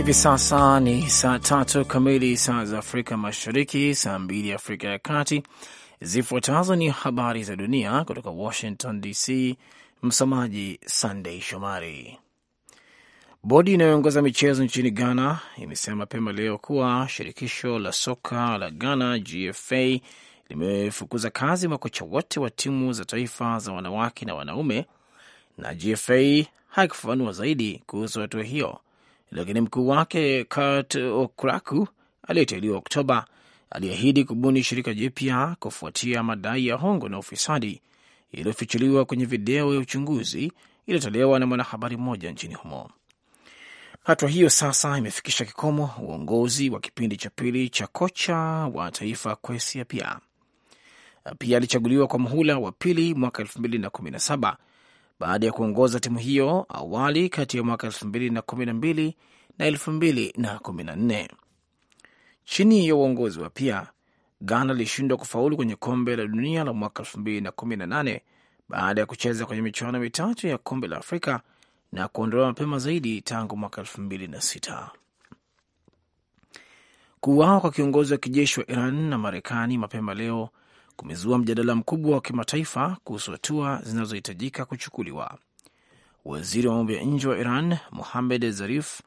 Hivi sasa ni saa tatu kamili saa za Afrika Mashariki, saa mbili Afrika ya Kati. Zifuatazo ni habari za dunia kutoka Washington DC. Msomaji Sandei Shomari. Bodi inayoongoza michezo nchini Ghana imesema mapema leo kuwa shirikisho la soka la Ghana GFA limefukuza kazi makocha wote wa timu za taifa za wanawake na wanaume, na GFA haikufafanua zaidi kuhusu hatua hiyo lakini mkuu wake Kurt Okraku aliyeteuliwa Oktoba aliahidi kubuni shirika jipya kufuatia madai ya hongo na ufisadi yaliyofichuliwa kwenye video ya uchunguzi iliyotolewa na mwanahabari mmoja nchini humo. Hatua hiyo sasa imefikisha kikomo uongozi wa kipindi cha pili cha kocha wa taifa Kwesi Pia alichaguliwa kwa muhula wa pili mwaka 2017 baada ya kuongoza timu hiyo awali kati ya mwaka 2012 na 2014. Chini ya uongozi wa Pia, Ghana ilishindwa kufaulu kwenye kombe la dunia la mwaka 2018 baada ya kucheza kwenye michuano mitatu ya kombe la Afrika na kuondolewa mapema zaidi tangu mwaka 2006. Kuuawa kwa kiongozi wa kijeshi wa Iran na Marekani mapema leo kumezua mjadala mkubwa wa kimataifa kuhusu hatua zinazohitajika kuchukuliwa. Waziri wa mambo ya nje wa Iran muhamed Zarif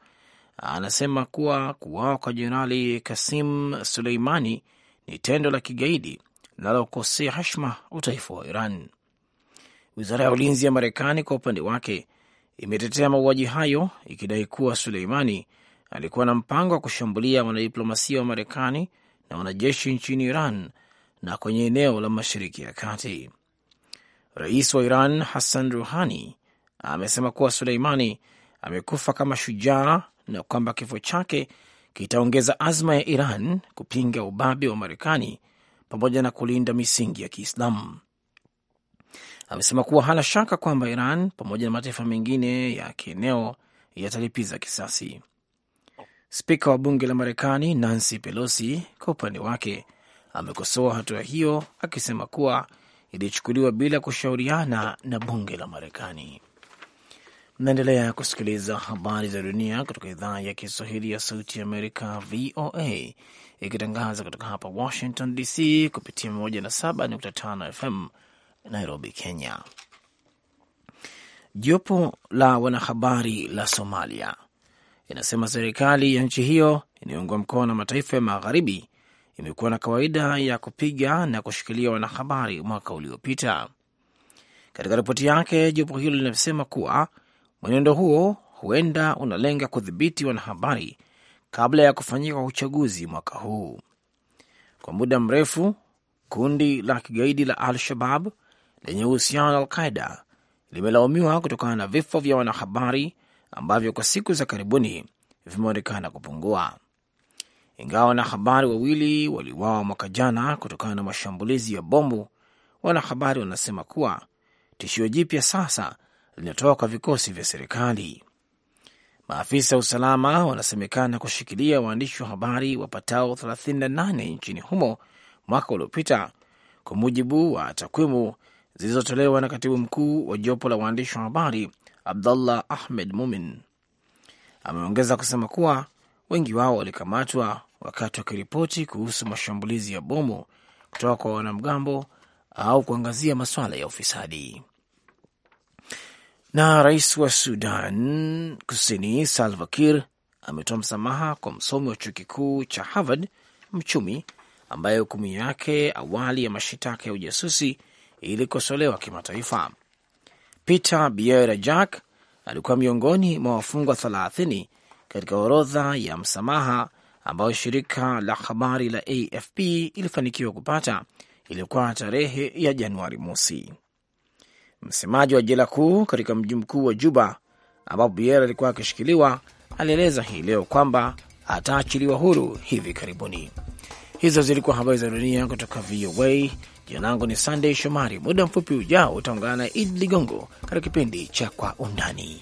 anasema kuwa kuwawa kwa Jenerali Kasim Suleimani ni tendo la kigaidi linalokosea heshima utaifa wa Iran. Wizara ya ulinzi ya Marekani kwa upande wake imetetea mauaji hayo ikidai kuwa Suleimani alikuwa na mpango wa kushambulia wanadiplomasia wa Marekani na wanajeshi nchini Iran na kwenye eneo la Mashariki ya Kati. Rais wa Iran Hassan Ruhani amesema kuwa Suleimani amekufa kama shujaa na kwamba kifo chake kitaongeza azma ya Iran kupinga ubabe wa Marekani pamoja na kulinda misingi ya Kiislamu. Amesema kuwa hana shaka kwamba Iran pamoja na mataifa mengine ya kieneo yatalipiza kisasi. Spika wa bunge la Marekani Nancy Pelosi kwa upande wake amekosoa hatua hiyo akisema kuwa ilichukuliwa bila kushauriana na bunge la Marekani. Mnaendelea kusikiliza habari za dunia kutoka idhaa ya Kiswahili ya Sauti ya Amerika, VOA, ikitangaza kutoka hapa Washington DC kupitia 107.5 FM Nairobi, Kenya. Jopo la wanahabari la Somalia inasema serikali ya nchi hiyo inayoungwa mkono na mataifa ya magharibi imekuwa na kawaida ya kupiga na kushikilia wanahabari mwaka uliopita. Katika ripoti yake, jopo hilo linasema kuwa mwenendo huo huenda unalenga kudhibiti wanahabari kabla ya kufanyika kwa uchaguzi mwaka huu. Kwa muda mrefu kundi la kigaidi la Al-Shabab lenye uhusiano na Al-Qaida limelaumiwa kutokana na vifo vya wanahabari ambavyo kwa siku za karibuni vimeonekana kupungua. Ingawa wanahabari wawili waliuawa mwaka jana kutokana na mashambulizi ya bomu, wanahabari wanasema kuwa tishio jipya sasa linatoka kwa vikosi vya serikali. Maafisa wa usalama wanasemekana kushikilia waandishi wa habari wapatao 38 nchini humo mwaka uliopita, kwa mujibu wa takwimu zilizotolewa na katibu mkuu wa jopo la waandishi wa habari Abdullah Ahmed Mumin. Ameongeza kusema kuwa Wengi wao walikamatwa wakati wakiripoti kuhusu mashambulizi ya bomu kutoka kwa wanamgambo au kuangazia masuala ya ufisadi. Na rais wa Sudan Kusini Salva Kiir ametoa msamaha kwa msomi wa chuo kikuu cha Harvard, mchumi ambaye hukumu yake awali ya mashitaka ya ujasusi ilikosolewa kimataifa. Peter Biera Jack alikuwa miongoni mwa wafungwa thelathini katika orodha ya msamaha ambayo shirika la habari la AFP ilifanikiwa kupata ilikuwa tarehe ya Januari mosi. Msemaji wa jela kuu katika mji mkuu wa Juba ambapo Bier alikuwa akishikiliwa alieleza hii leo kwamba ataachiliwa huru hivi karibuni. Hizo zilikuwa habari za dunia kutoka VOA. Jina langu ni Sandey Shomari. Muda mfupi ujao utaungana na Id Ligongo katika kipindi cha Kwa Undani.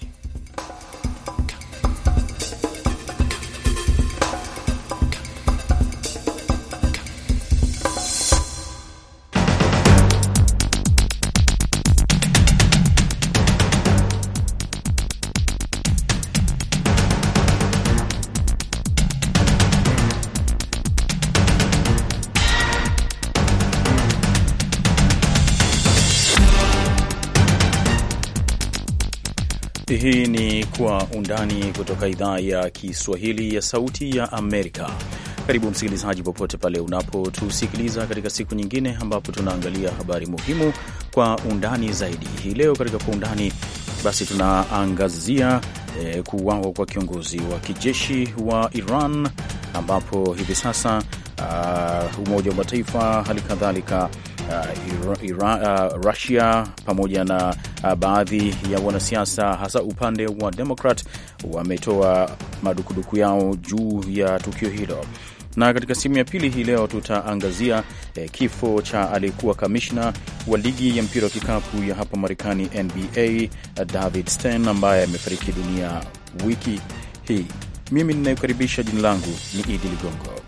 undani kutoka idhaa ya Kiswahili ya Sauti ya Amerika. Karibu msikilizaji, popote pale unapotusikiliza katika siku nyingine ambapo tunaangalia habari muhimu kwa undani zaidi. Hii leo katika kwa undani, basi tunaangazia e, kuuawa kwa kiongozi wa kijeshi wa Iran ambapo hivi sasa ah, Umoja wa Mataifa hali kadhalika uh, Iran, uh, Russia pamoja na uh, baadhi ya wanasiasa hasa upande wa Demokrat wametoa madukuduku yao juu ya tukio hilo na katika sehemu ya pili hii leo tutaangazia eh, kifo cha aliyekuwa kamishna wa ligi ya mpira wa kikapu ya hapa Marekani, NBA, uh, David Stern ambaye amefariki dunia wiki hii. Mimi ninayokaribisha, jina langu ni Idi Ligongo.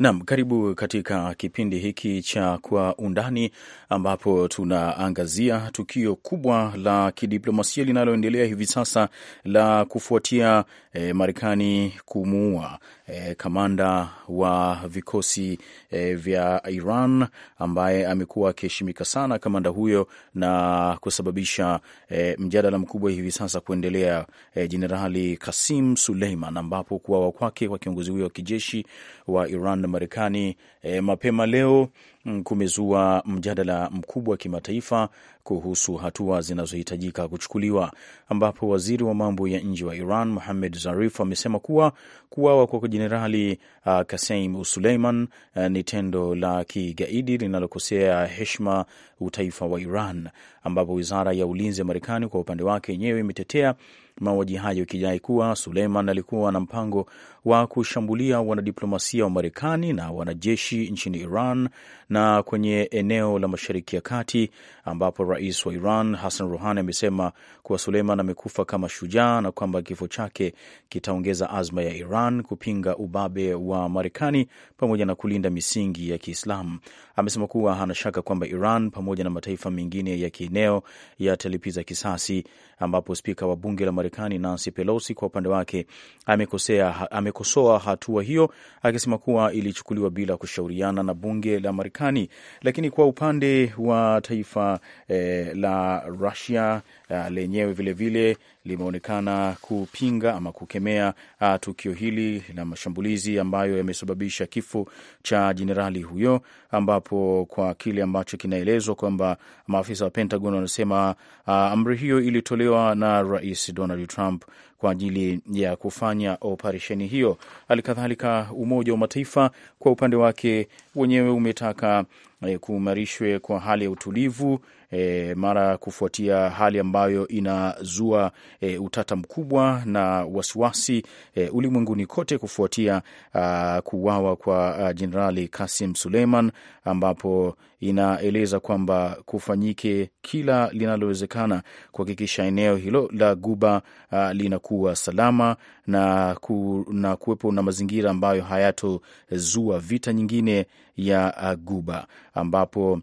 Nam, karibu katika kipindi hiki cha Kwa Undani, ambapo tunaangazia tukio kubwa la kidiplomasia linaloendelea hivi sasa la kufuatia eh, Marekani kumuua eh, kamanda wa vikosi eh, vya Iran ambaye amekuwa akiheshimika sana kamanda huyo, na kusababisha eh, mjadala mkubwa hivi sasa kuendelea, eh, Jenerali Kasim Suleiman, ambapo kuwawa kwake kwa kiongozi huyo wa kijeshi wa Iran na Marekani E, mapema leo mm, kumezua mjadala mkubwa wa kimataifa kuhusu hatua zinazohitajika kuchukuliwa, ambapo waziri wa mambo ya nje wa Iran muhamed Zarif amesema kuwa kuwawa kwa Jenerali uh, Kasim Suleiman uh, ni tendo la kigaidi linalokosea heshima utaifa wa Iran, ambapo wizara ya ulinzi ya Marekani kwa upande wake yenyewe imetetea mauaji hayo ikidai kuwa Suleiman alikuwa na mpango wa kushambulia wanadiplomasia wa Marekani na wanajeshi nchini Iran na kwenye eneo la Mashariki ya Kati, ambapo rais wa Iran Hassan Rouhani amesema kuwa Suleiman amekufa kama shujaa na kwamba kifo chake kitaongeza azma ya Iran kupinga ubabe wa Marekani pamoja na kulinda misingi ya Kiislamu. Amesema kuwa hana shaka kwamba Iran pamoja na mataifa mengine ya kieneo yatalipiza kisasi, ambapo spika wa bunge la Marekani Nancy Pelosi kwa upande wake amekosea ame amekosoa hatua hiyo akisema kuwa ilichukuliwa bila kushauriana na bunge la Marekani. Lakini kwa upande wa taifa eh, la Rusia eh, lenyewe vilevile limeonekana kupinga ama kukemea a, ah, tukio hili la mashambulizi ambayo yamesababisha kifo cha jenerali huyo, ambapo kwa kile ambacho kinaelezwa kwamba maafisa wa Pentagon wanasema ah, amri hiyo ilitolewa na Rais Donald Trump kwa ajili ya kufanya operesheni hiyo. halikadhalika Umoja wa Mataifa kwa upande wake wenyewe umetaka e, kuimarishwe kwa hali ya utulivu e, mara kufuatia hali ambayo inazua e, utata mkubwa na wasiwasi e, ulimwenguni kote kufuatia ah, kuwawa kwa ah, Jenerali Kasim Suleiman, ambapo inaeleza kwamba kufanyike kila linalowezekana kuhakikisha eneo hilo la Guba a, ah, linakuwa salama na, ku, na kuwepo na mazingira ambayo hayatozua vita nyingine ya uh, Guba ambapo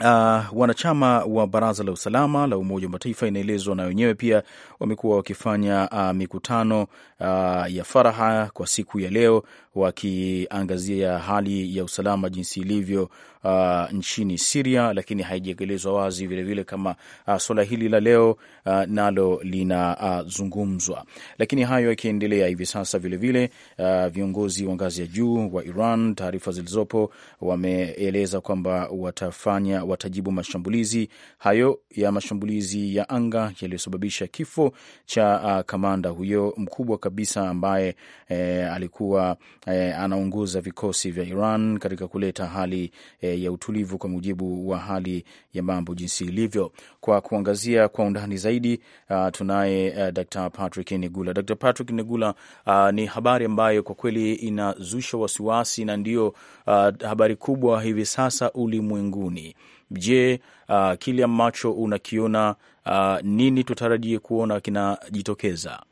Uh, wanachama wa Baraza la Usalama la Umoja wa Mataifa inaelezwa na wenyewe pia wamekuwa wakifanya uh, mikutano uh, ya faraha kwa siku ya leo wakiangazia hali ya usalama jinsi ilivyo uh, nchini Siria, lakini haijaelezwa wazi vilevile vile kama uh, suala hili la leo uh, nalo linazungumzwa uh, lakini hayo yakiendelea hivi sasa vilevile uh, viongozi wa ngazi ya juu wa Iran, taarifa zilizopo, wameeleza kwamba watafanya watajibu mashambulizi hayo ya mashambulizi ya anga yaliyosababisha kifo cha uh, kamanda huyo mkubwa kabisa ambaye eh, alikuwa eh, anaongoza vikosi vya Iran katika kuleta hali eh, ya utulivu, kwa mujibu wa hali ya mambo jinsi ilivyo. Kwa kuangazia kwa undani zaidi, uh, tunaye uh, Dr. Patrick Nigula. Dr. Patrick Nigula, uh, ni habari ambayo kwa kweli inazusha wasiwasi na ndiyo uh, habari kubwa hivi sasa ulimwenguni. Je, uh, kile ambacho unakiona, uh, nini tutarajie kuona kinajitokeza?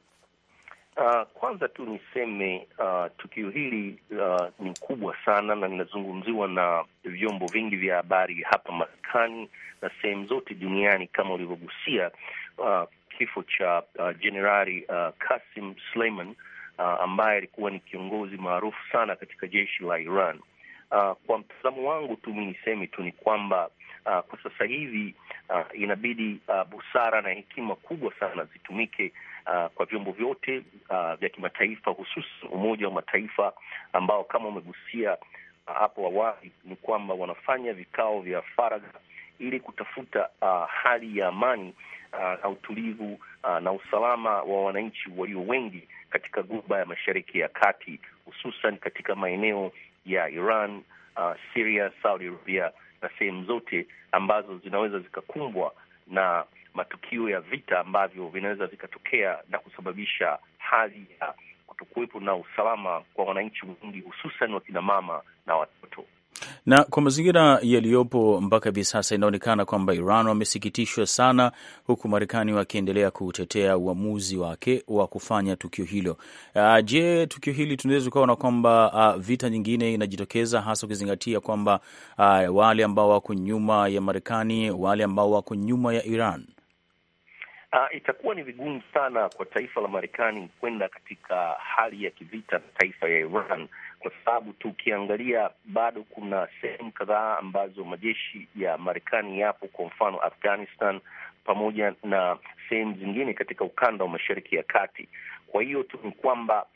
Uh, kwanza tu niseme uh, tukio hili uh, ni kubwa sana na linazungumziwa na vyombo vingi vya habari hapa Marekani na sehemu zote duniani kama ulivyogusia uh, kifo cha uh, Jenerali uh, Kasim Suleiman uh, ambaye alikuwa ni kiongozi maarufu sana katika jeshi la Iran. Uh, kwa mtazamo wangu tu mi niseme tu ni kwamba uh, kwa sasa hivi uh, inabidi uh, busara na hekima kubwa sana zitumike uh, kwa vyombo vyote uh, vya kimataifa hususan Umoja wa Mataifa ambao kama umegusia uh, hapo uh, awali ni kwamba wanafanya vikao vya faragha ili kutafuta uh, hali ya amani uh, na utulivu uh, na usalama wa wananchi walio wengi katika guba ya Mashariki ya Kati hususan katika maeneo ya Iran, uh, Syria, Saudi Arabia na sehemu zote ambazo zinaweza zikakumbwa na matukio ya vita ambavyo vinaweza vikatokea na kusababisha hali ya kutokuwepo na usalama kwa wananchi wengi, hususan wakinamama na watoto na kwa mazingira yaliyopo mpaka hivi sasa inaonekana kwamba Iran wamesikitishwa sana, huku Marekani wakiendelea kutetea uamuzi wake wa kufanya tukio hilo. Uh, je, tukio hili tunaweza tukaona kwamba uh, vita nyingine inajitokeza hasa ukizingatia kwamba uh, wale ambao wako nyuma ya Marekani, wale ambao wako nyuma ya Iran uh, itakuwa ni vigumu sana kwa taifa la Marekani kwenda katika hali ya kivita na taifa ya Iran kwa sababu tukiangalia bado kuna sehemu kadhaa ambazo majeshi ya Marekani yapo, kwa mfano Afghanistan pamoja na sehemu zingine katika ukanda wa Mashariki ya Kati. Kwa hiyo tu ni kwamba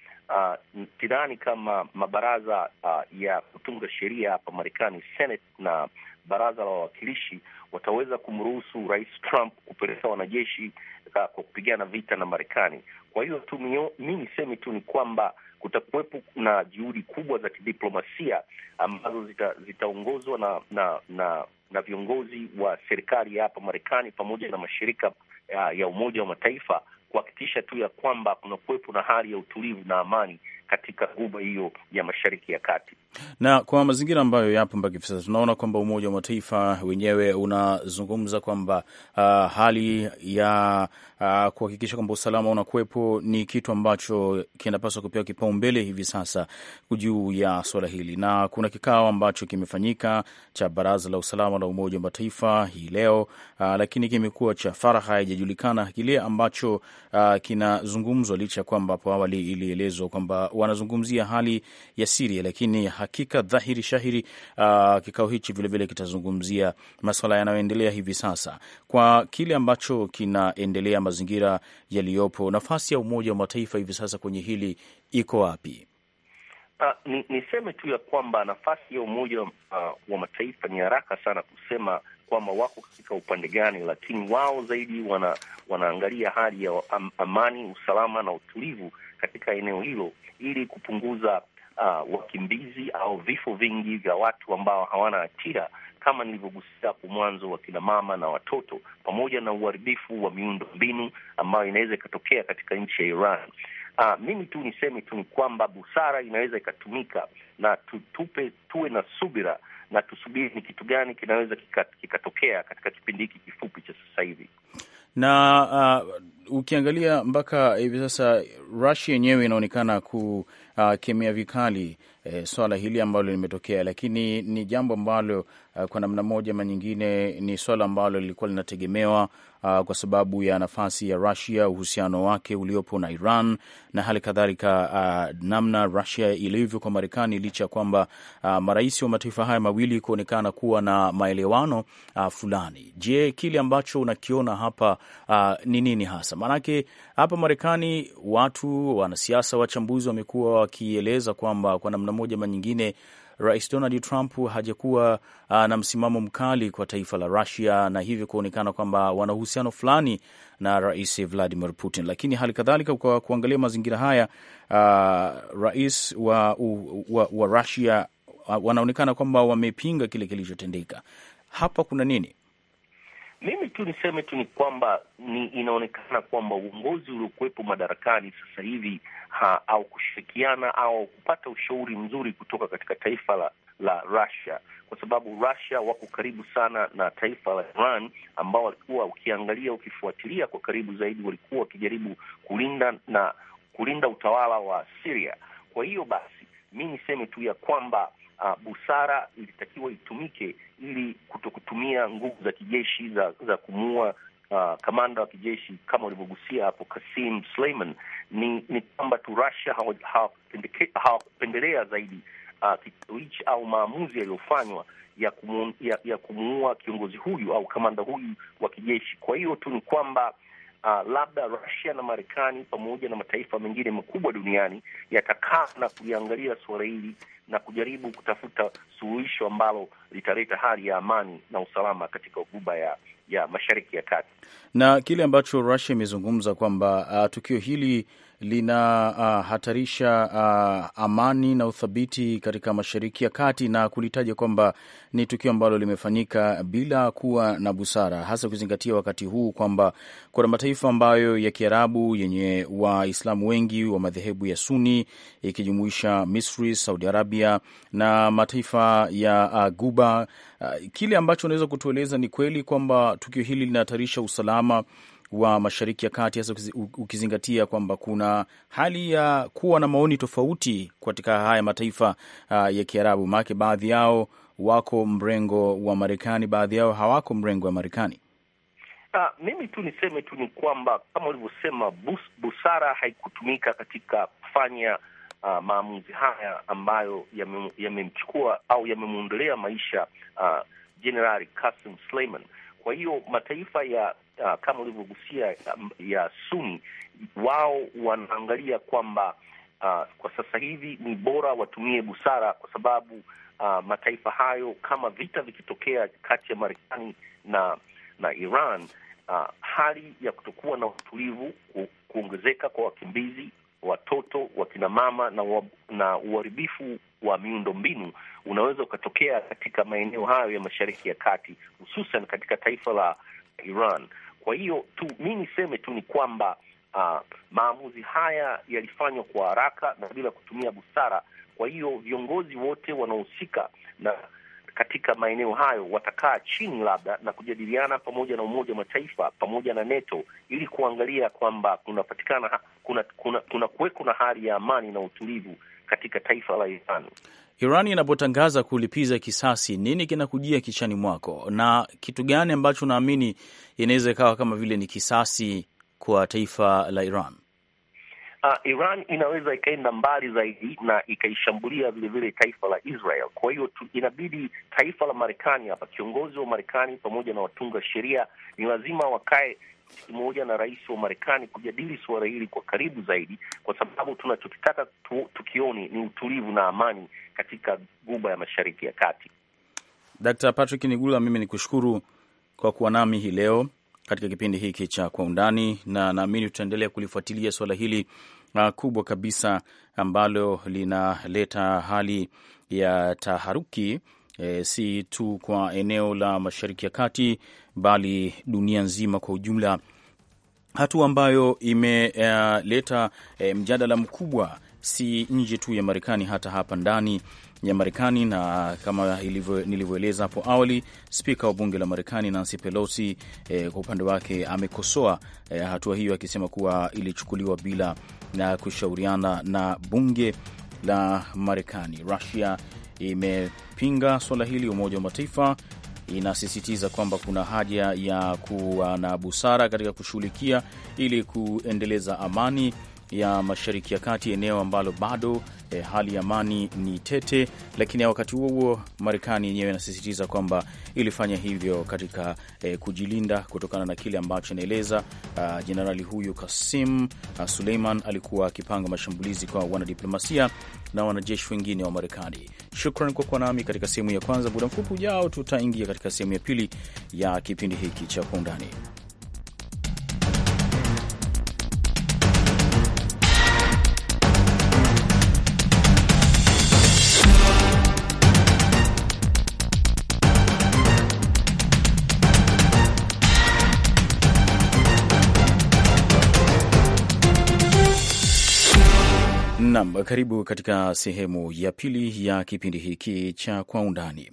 uh, kama mabaraza uh, ya kutunga sheria hapa Marekani, Senate na baraza la wawakilishi wataweza kumruhusu Rais Trump kupeleka wanajeshi eh, kwa kupigana vita na Marekani. Kwa hiyo tu mi niseme tu ni kwamba kutakuwepo na juhudi kubwa za kidiplomasia ambazo zitaongozwa zita na, na na na viongozi wa serikali ya hapa Marekani pamoja na mashirika eh, ya Umoja wa Mataifa kuhakikisha tu ya kwamba kuna kuwepo na hali ya utulivu na amani katika guba hiyo ya Mashariki ya Kati, na kwa mazingira ambayo yapo mpaka hivi sasa tunaona kwamba Umoja wa Mataifa wenyewe unazungumza kwamba uh, hali ya uh, kuhakikisha kwamba usalama unakuwepo ni kitu ambacho kinapaswa kupewa kipaumbele hivi sasa juu ya suala hili, na kuna kikao ambacho kimefanyika cha Baraza la Usalama la Umoja wa Mataifa hii leo uh, lakini kimekuwa cha faraha haijajulikana kile ambacho uh, kinazungumzwa licha ya kwamba hapo awali ilielezwa kwamba wanazungumzia hali ya Siria, lakini hakika dhahiri shahiri, uh, kikao hichi vilevile kitazungumzia masuala yanayoendelea hivi sasa kwa kile ambacho kinaendelea, mazingira yaliyopo, nafasi ya Umoja wa Mataifa hivi sasa kwenye hili iko wapi? Uh, ni, niseme tu ya kwamba nafasi ya Umoja uh, wa Mataifa ni haraka sana kusema kwamba wako katika upande gani, lakini wao zaidi wana, wanaangalia hali ya am, amani, usalama na utulivu katika eneo hilo ili kupunguza uh, wakimbizi au vifo vingi vya watu ambao hawana ajira kama nilivyogusia hapo mwanzo, wakina mama na watoto, pamoja na uharibifu wa miundo mbinu ambayo inaweza ikatokea katika nchi ya Iran. Uh, mimi tu niseme tu ni kwamba busara inaweza ikatumika na tutupe, tuwe na subira na tusubiri ni kitu gani kinaweza kikatokea kika katika kipindi hiki kifupi cha sasa hivi. Na uh, ukiangalia mpaka hivi sasa Russia yenyewe inaonekana kukemea ah, uh, vikali eh, swala hili ambalo limetokea, lakini ni jambo ambalo uh, kwa namna moja ama nyingine ni swala ambalo lilikuwa linategemewa uh, kwa sababu ya nafasi ya Rusia, uhusiano wake uliopo na Iran na hali kadhalika uh, namna Rusia ilivyo kwa Marekani, licha ya kwamba uh, marais wa mataifa haya mawili kuonekana kuwa na maelewano uh, fulani. Je, kile ambacho unakiona hapa uh, ni uh, nini hasa? Maanake hapa Marekani watu, wanasiasa, wachambuzi wamekuwa wakieleza kwamba kwa namna moja ama nyingine Rais Donald Trump hajakuwa uh, na msimamo mkali kwa taifa la Rusia na hivyo kuonekana kwamba wana uhusiano fulani na Rais Vladimir Putin. Lakini hali kadhalika kwa kuangalia mazingira haya uh, rais wa, wa, wa Rusia uh, ah, wanaonekana kwamba wamepinga kile kilichotendeka. Hapa kuna nini? Mimi tu niseme tu ni kwamba ni inaonekana kwamba uongozi uliokuwepo madarakani sasa hivi au kushirikiana au kupata ushauri mzuri kutoka katika taifa la la Russia kwa sababu Russia wako karibu sana na taifa la Iran, ambao walikuwa ukiangalia, ukifuatilia kwa karibu zaidi, walikuwa wakijaribu kulinda na kulinda utawala wa Syria. Kwa hiyo basi mi niseme tu ya kwamba uh, busara ilitakiwa itumike ili kuto kutumia nguvu za kijeshi za, za kumuua Uh, kamanda wa kijeshi kama ulivyogusia hapo Kasim Suleiman, ni ni kwamba tu Russia hawakupendelea zaidi uh, ah, kitendo hichi au maamuzi yaliyofanywa ya, ya, ya kumuua kiongozi huyu au kamanda huyu wa kijeshi. Kwa hiyo tu ni kwamba uh, labda Russia na Marekani pamoja na mataifa mengine makubwa duniani yatakaa na kuliangalia suala hili na kujaribu kutafuta suluhisho ambalo litaleta hali ya amani na usalama katika ghuba ya ya Mashariki ya Kati, na kile ambacho Russia imezungumza kwamba uh, tukio hili linahatarisha ah, uh, ah, uh, amani na uthabiti katika Mashariki ya Kati na kulitaja kwamba ni tukio ambalo limefanyika bila kuwa na busara, hasa kuzingatia wakati huu kwamba kuna mataifa ambayo ya Kiarabu yenye Waislamu wengi wa madhehebu ya Suni ikijumuisha Misri, Saudi Arabia na mataifa ya uh, Guba. Uh, kile ambacho unaweza kutueleza ni kweli kwamba tukio hili linahatarisha usalama wa Mashariki ya Kati, hasa ukizingatia kwamba kuna hali ya kuwa na maoni tofauti katika haya mataifa uh, ya Kiarabu, maanake baadhi yao wako mrengo wa Marekani, baadhi yao hawako mrengo wa Marekani. Uh, mimi tu niseme tu ni kwamba kama ulivyosema, bus, busara haikutumika katika kufanya uh, maamuzi haya ambayo yamemchukua yame au yamemwondolea maisha uh, ah, Jenerali Kasim Kwa hiyo mataifa ya uh, kama ulivyogusia um, ya Suni, wao wanaangalia kwamba uh, kwa sasa hivi ni bora watumie busara, kwa sababu uh, mataifa hayo kama vita vikitokea kati ya Marekani na na Iran uh, hali ya kutokuwa na utulivu, kuongezeka kwa wakimbizi, watoto, wakina mama na, wa, na uharibifu wa miundo mbinu unaweza ukatokea katika maeneo hayo ya Mashariki ya Kati, hususan katika taifa la Iran. Kwa hiyo tu mi niseme tu ni kwamba uh, maamuzi haya yalifanywa kwa haraka na bila kutumia busara. Kwa hiyo viongozi wote wanaohusika na katika maeneo hayo watakaa chini labda na kujadiliana pamoja na Umoja wa Mataifa pamoja na NATO ili kuangalia kwamba kunapatikana kuna kuna kuweko na hali ya amani na utulivu katika taifa la Iran. Iran inapotangaza kulipiza kisasi, nini kinakujia kichani mwako na kitu gani ambacho unaamini inaweza ikawa kama vile ni kisasi kwa taifa la Iran? uh, Iran inaweza ikaenda mbali zaidi na ikaishambulia vilevile taifa la Israel. Kwa hiyo inabidi taifa la Marekani hapa, kiongozi wa Marekani pamoja na watunga sheria ni lazima wakae moja na rais wa Marekani kujadili suala hili kwa karibu zaidi, kwa sababu tunachokitaka tu, tukioni ni utulivu na amani katika guba ya Mashariki ya Kati. Dr. Patrick Nigula, mimi ni kushukuru kwa kuwa nami hii leo katika kipindi hiki cha Kwa Undani, na naamini tutaendelea kulifuatilia suala hili uh, kubwa kabisa ambalo linaleta hali ya taharuki e, si tu kwa eneo la Mashariki ya Kati bali dunia nzima kwa ujumla, hatua ambayo imeleta uh, e, mjadala mkubwa si nje tu ya Marekani, hata hapa ndani ya Marekani. Na kama nilivyoeleza hapo awali, spika wa bunge la Marekani Nancy Pelosi eh, kwa upande wake amekosoa eh, hatua hiyo akisema kuwa ilichukuliwa bila na kushauriana na bunge la Marekani. Rusia imepinga swala hili. Umoja wa Mataifa inasisitiza kwamba kuna haja ya kuwa na busara katika kushughulikia ili kuendeleza amani ya Mashariki ya Kati, eneo ambalo bado e, hali ya amani ni tete, lakini wakati huo huo Marekani yenyewe inasisitiza kwamba ilifanya hivyo katika e, kujilinda kutokana na kile ambacho inaeleza ah, jenerali huyu Kasim ah, Suleiman alikuwa akipanga mashambulizi kwa wanadiplomasia na wanajeshi wengine wa Marekani. Shukran kwa kuwa nami katika sehemu ya kwanza. Muda mfupi ujao, tutaingia katika sehemu ya pili ya kipindi hiki cha Kwa Undani. nam karibu katika sehemu ya pili ya kipindi hiki cha Kwa Undani.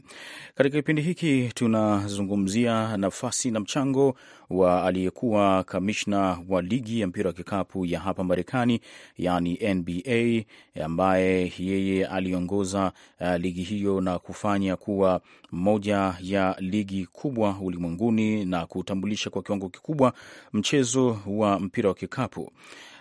Katika kipindi hiki tunazungumzia nafasi na mchango wa aliyekuwa kamishna wa ligi ya mpira wa kikapu ya hapa Marekani, yani NBA, ambaye yeye aliongoza uh, ligi hiyo na kufanya kuwa moja ya ligi kubwa ulimwenguni na kutambulisha kwa kiwango kikubwa mchezo wa mpira wa kikapu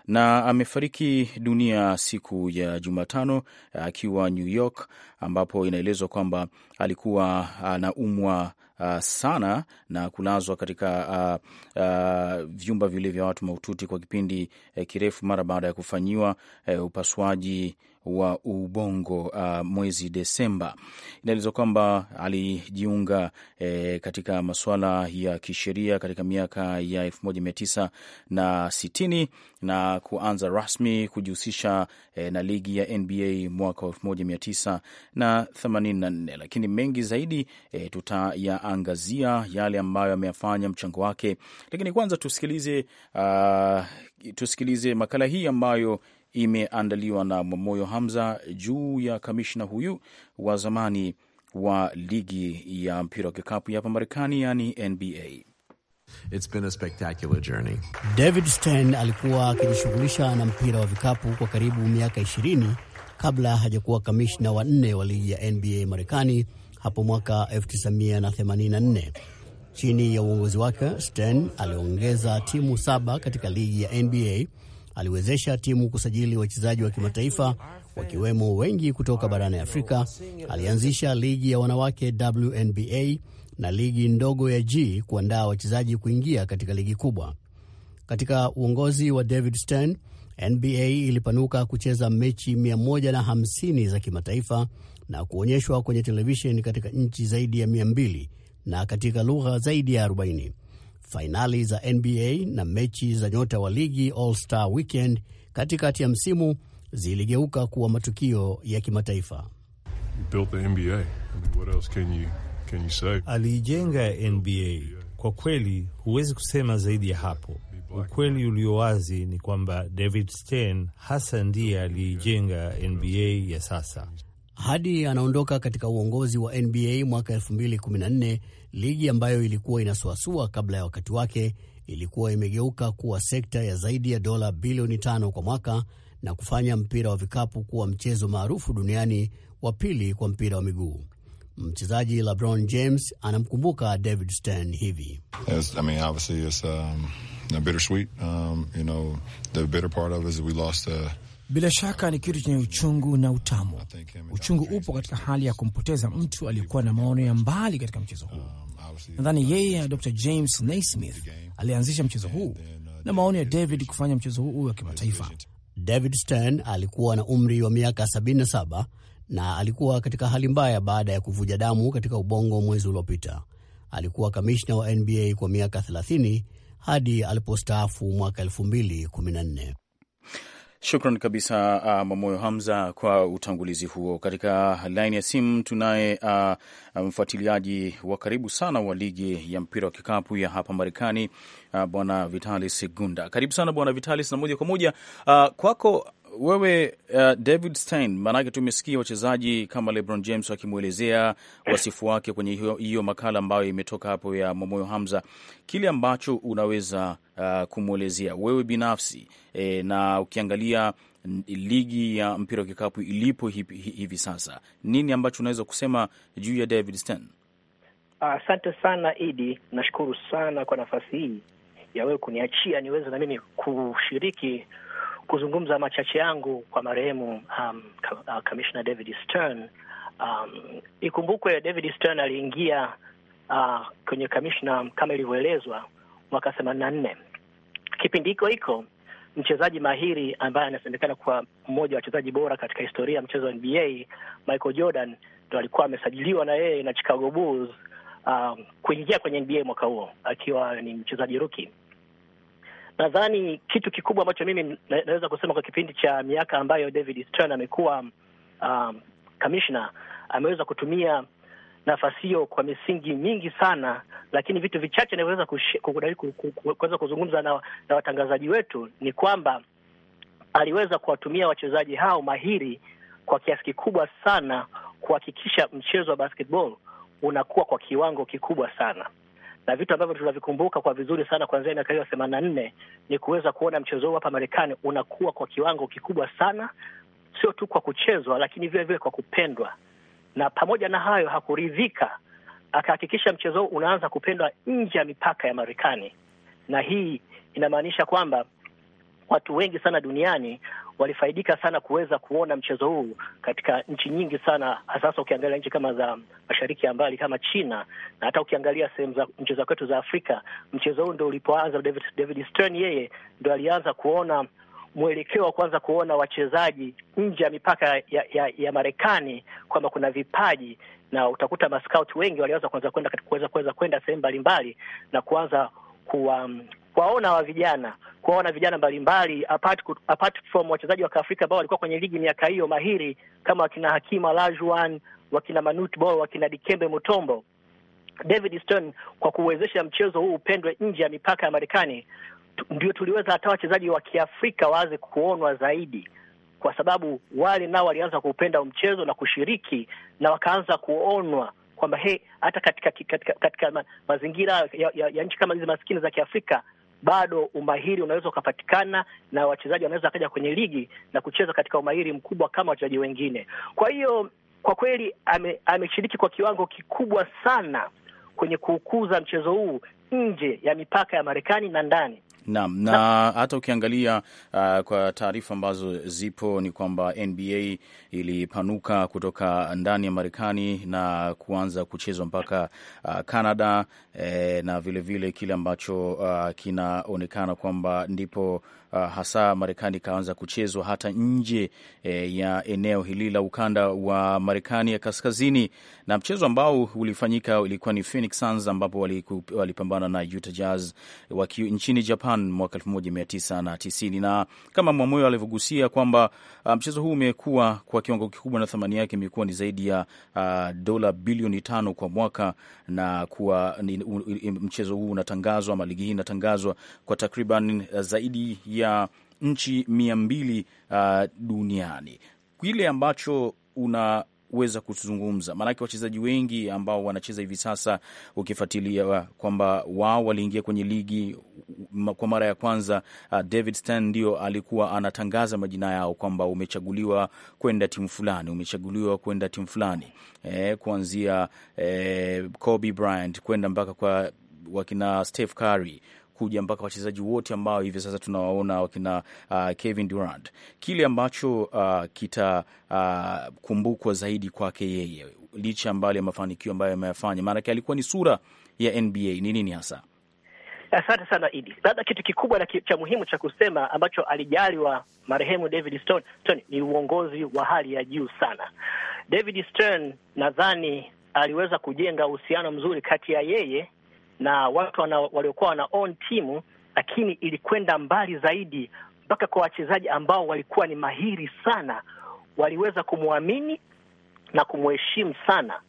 na amefariki dunia siku ya Jumatano akiwa New York, ambapo inaelezwa kwamba alikuwa anaumwa Uh, sana na kulazwa katika uh, uh, vyumba vile vya watu mahututi kwa kipindi uh, kirefu mara baada ya kufanyiwa uh, upasuaji wa ubongo uh, mwezi Desemba. Inaelezwa kwamba alijiunga eh, katika masuala ya kisheria katika miaka ya elfu moja mia tisa na sitini na kuanza rasmi kujihusisha eh, na ligi ya NBA mwaka wa elfu moja mia tisa na themanini na nne lakini mengi zaidi eh, tutayaangazia yale ambayo ameyafanya mchango wake, lakini kwanza tusikilize, uh, tusikilize makala hii ambayo imeandaliwa na Mwamoyo Hamza juu ya kamishna huyu wa zamani wa ligi ya mpira wa kikapu ya hapa Marekani, yani NBA. It's been a spectacular journey. David Stern alikuwa akijishughulisha na mpira wa vikapu kwa karibu miaka 20 kabla hajakuwa kamishna wa nne wa ligi ya NBA Marekani hapo mwaka 1984. Chini ya uongozi wake, Stern aliongeza timu saba katika ligi ya NBA aliwezesha timu kusajili wachezaji wa kimataifa wakiwemo wengi kutoka barani Afrika. Alianzisha ligi ya wanawake WNBA na ligi ndogo ya G kuandaa wachezaji kuingia katika ligi kubwa. Katika uongozi wa David Stern, NBA ilipanuka kucheza mechi 150 za kimataifa na kuonyeshwa kwenye televisheni katika nchi zaidi ya 200 na katika lugha zaidi ya 40 fainali za NBA na mechi za nyota wa ligi All Star Weekend katikati ya msimu ziligeuka kuwa matukio ya kimataifa. Aliijenga NBA. Kwa kweli huwezi kusema zaidi ya hapo. Ukweli ulio wazi ni kwamba David Stern hasa ndiye aliijenga NBA ya sasa. Hadi anaondoka katika uongozi wa NBA mwaka Ligi ambayo ilikuwa inasuasua kabla ya wakati wake ilikuwa imegeuka kuwa sekta ya zaidi ya dola bilioni tano kwa mwaka na kufanya mpira wa vikapu kuwa mchezo maarufu duniani wa pili kwa mpira wa miguu. Mchezaji LeBron James anamkumbuka David Stern hivi. Yes, I mean, obviously it's, um, bittersweet. Um, you know, the bitter part of it is we lost, uh, bila shaka ni kitu chenye uchungu na utamu. Uchungu upo katika hali ya kumpoteza mtu aliyekuwa na maono ya mbali katika mchezo huu. Nadhani yeye na Dr James Naismith alianzisha mchezo huu na maono ya David kufanya mchezo huu wa kimataifa. David Stern alikuwa na umri wa miaka 77 na alikuwa katika hali mbaya baada ya kuvuja damu katika ubongo mwezi uliopita. Alikuwa kamishna wa NBA kwa miaka 30 hadi alipostaafu mwaka 2014. Shukran kabisa uh, Mamoyo Hamza kwa utangulizi huo. Katika laini ya simu tunaye uh, mfuatiliaji wa karibu sana wa ligi ya mpira wa kikapu ya hapa Marekani, uh, bwana Vitalis Gunda. Karibu sana bwana Vitalis, na moja kwa moja uh, kwako wewe uh, David Stein, maanake tumesikia wachezaji kama LeBron James wakimwelezea wasifu wake kwenye hiyo makala ambayo imetoka hapo ya Momoyo Hamza, kile ambacho unaweza uh, kumwelezea wewe binafsi e, na ukiangalia ligi ya mpira wa kikapu ilipo hivi, hivi sasa, nini ambacho unaweza kusema juu ya David Stein? Asante uh, sana Idi, nashukuru sana kwa nafasi hii ya wewe kuniachia niweze na mimi kushiriki kuzungumza machache yangu kwa marehemu um, uh, Commissioner David Stern. Um, ikumbukwe David Stern aliingia uh, kwenye kamishna kama ilivyoelezwa mwaka themanini na nne. Kipindi hiko hiko mchezaji mahiri ambaye anasemekana kuwa mmoja wa wachezaji bora katika historia ya mchezo wa NBA Michael Jordan ndo alikuwa amesajiliwa na yeye na Chicago Bulls um, kuingia kwenye NBA mwaka huo akiwa ni mchezaji rookie. Nadhani kitu kikubwa ambacho mimi naweza kusema kwa kipindi cha miaka ambayo David Stern amekuwa um, kamishna um, ameweza kutumia nafasi hiyo kwa misingi mingi sana, lakini vitu vichache navyoweza kuweza kuzungumza na, na watangazaji wetu ni kwamba aliweza kuwatumia wachezaji hao mahiri kwa kiasi kikubwa sana kuhakikisha mchezo wa basketball unakuwa kwa kiwango kikubwa sana na vitu ambavyo tunavikumbuka kwa vizuri sana kuanzia miaka hiyo themanini na nne ni kuweza kuona mchezo huu hapa Marekani unakuwa kwa kiwango kikubwa sana, sio tu kwa kuchezwa, lakini vile vile kwa kupendwa. Na pamoja na hayo hakuridhika, akahakikisha mchezo huu unaanza kupendwa nje ya mipaka ya Marekani, na hii inamaanisha kwamba watu wengi sana duniani walifaidika sana kuweza kuona mchezo huu katika nchi nyingi sana, hasa ukiangalia nchi kama za mashariki ya mbali kama China na hata ukiangalia sehemu za nchi za kwetu za Afrika. Mchezo huu ndo ulipoanza, David, David Stern yeye ndo alianza kuona mwelekeo wa kwanza kuona wachezaji nje ya mipaka ya, ya, ya Marekani kwamba kuna vipaji, na utakuta maskauti wengi walianza kuanza kwenda kuweza kuweza kwenda sehemu mbalimbali na kuanza kuwa kuwaona wa vijana, kuwaona vijana mbalimbali apart, apart from wachezaji wa Kiafrika ambao walikuwa kwenye ligi miaka hiyo mahiri kama wakina Hakima Lajuan, wakina Manut Bol, wakina Dikembe Mutombo, David Stone, kwa kuwezesha mchezo huu upendwe nje ya mipaka ya Marekani, ndio tuliweza hata wachezaji wa Kiafrika waanze kuonwa zaidi kwa sababu wale nao walianza kuupenda mchezo na kushiriki na wakaanza kuonwa kwamba hata katika, katika, katika mazingira ya, ya, ya nchi kama hizi maskini za Kiafrika bado umahiri unaweza ukapatikana na wachezaji wanaweza wakaja kwenye ligi na kucheza katika umahiri mkubwa kama wachezaji wengine. Kwa hiyo kwa kweli ameshiriki ame kwa kiwango kikubwa sana kwenye kuukuza mchezo huu nje ya mipaka ya Marekani na ndani Naam, na hata ukiangalia uh, kwa taarifa ambazo zipo ni kwamba NBA ilipanuka kutoka ndani ya Marekani na kuanza kuchezwa mpaka uh, Canada eh, na vilevile kile ambacho uh, kinaonekana kwamba ndipo Uh, hasa Marekani ikaanza kuchezwa hata nje e, ya eneo hili la ukanda wa Marekani ya kaskazini, na mchezo ambao ulifanyika ilikuwa ni Phoenix Suns ambapo walipambana na Utah Jazz waki, nchini Japan mwaka elfu moja mia tisa na tisini na kama Mwamoyo alivyogusia kwamba uh, mchezo huu umekuwa kwa kiwango kikubwa na thamani yake imekuwa ni zaidi ya uh, dola bilioni tano kwa mwaka na kuwa ni, u, u, mchezo huu unatangazwa ama ligi hii inatangazwa kwa takriban uh, zaidi ya ya nchi mia mbili uh, duniani. Kile ambacho unaweza kuzungumza, maanake wachezaji wengi ambao wanacheza hivi sasa, ukifuatilia kwamba wao waliingia kwenye ligi kwa mara ya kwanza, uh, David ndio alikuwa anatangaza majina yao kwamba umechaguliwa kwenda timu fulani, umechaguliwa kwenda timu fulani, e, kuanzia e, Kobe Bryant kwenda mpaka kwa wakina Steph Curry kuja mpaka wachezaji wote ambao hivi sasa tunawaona wakina uh, Kevin Durant. Kile ambacho uh, kitakumbukwa uh, zaidi kwake yeye, licha mbali ya mafanikio ambayo ameyafanya, maanake alikuwa ni sura ya NBA. Ni nini hasa? Asante sana Idi. Labda kitu kikubwa na cha muhimu cha kusema ambacho alijaliwa marehemu David Stern, Stern ni uongozi wa hali ya juu sana. David Stern nadhani aliweza kujenga uhusiano mzuri kati ya yeye na watu waliokuwa wana own timu, lakini ilikwenda mbali zaidi mpaka kwa wachezaji ambao walikuwa ni mahiri sana, waliweza kumwamini na kumheshimu sana,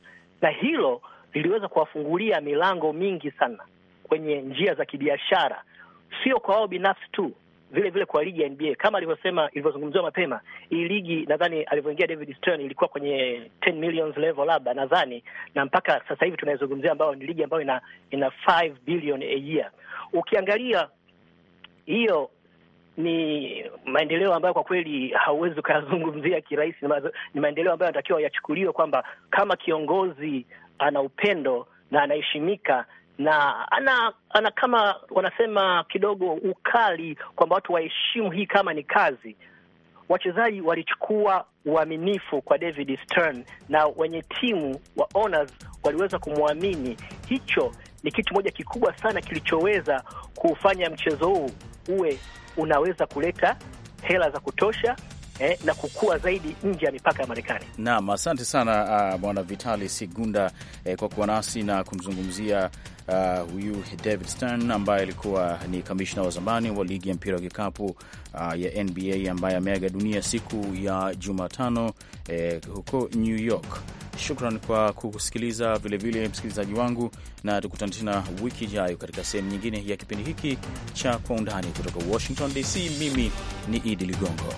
na hilo liliweza kuwafungulia milango mingi sana kwenye njia za kibiashara, sio kwa wao binafsi tu, vile vile kwa ligi ya NBA kama alivyosema, ilivyozungumziwa mapema, hii ligi nadhani alivyoingia David Stern ilikuwa kwenye 10 millions level labda nadhani, na mpaka sasa hivi tunaizungumzia ambayo ni ligi ambayo ina ina 5 billion a year. Ukiangalia hiyo ni maendeleo ambayo kwa kweli hauwezi ukayazungumzia kirahisi. Ni maendeleo ambayo yanatakiwa yachukuliwe kwamba kama kiongozi ana upendo na anaheshimika na ana ana kama wanasema kidogo ukali kwamba watu waheshimu hii kama ni kazi. Wachezaji walichukua uaminifu kwa David Stern na wenye timu wa owners waliweza kumwamini. Hicho ni kitu moja kikubwa sana kilichoweza kufanya mchezo huu uwe unaweza kuleta hela za kutosha eh, na kukua zaidi nje ya mipaka ya Marekani. Naam, asante sana uh, Vitali Sigunda eh, kwa kuwa nasi na kumzungumzia uh, huyu David Stern ambaye alikuwa ni kamishna wa zamani wa ligi ya mpira wa kikapu uh, ya NBA ambaye ameaga dunia siku ya Jumatano eh, huko New York. Shukran kwa kusikiliza vilevile, msikilizaji wangu, na tukutane tena wiki ijayo katika sehemu nyingine ya kipindi hiki cha Kwa Undani kutoka Washington DC. Mimi ni Idi Ligongo.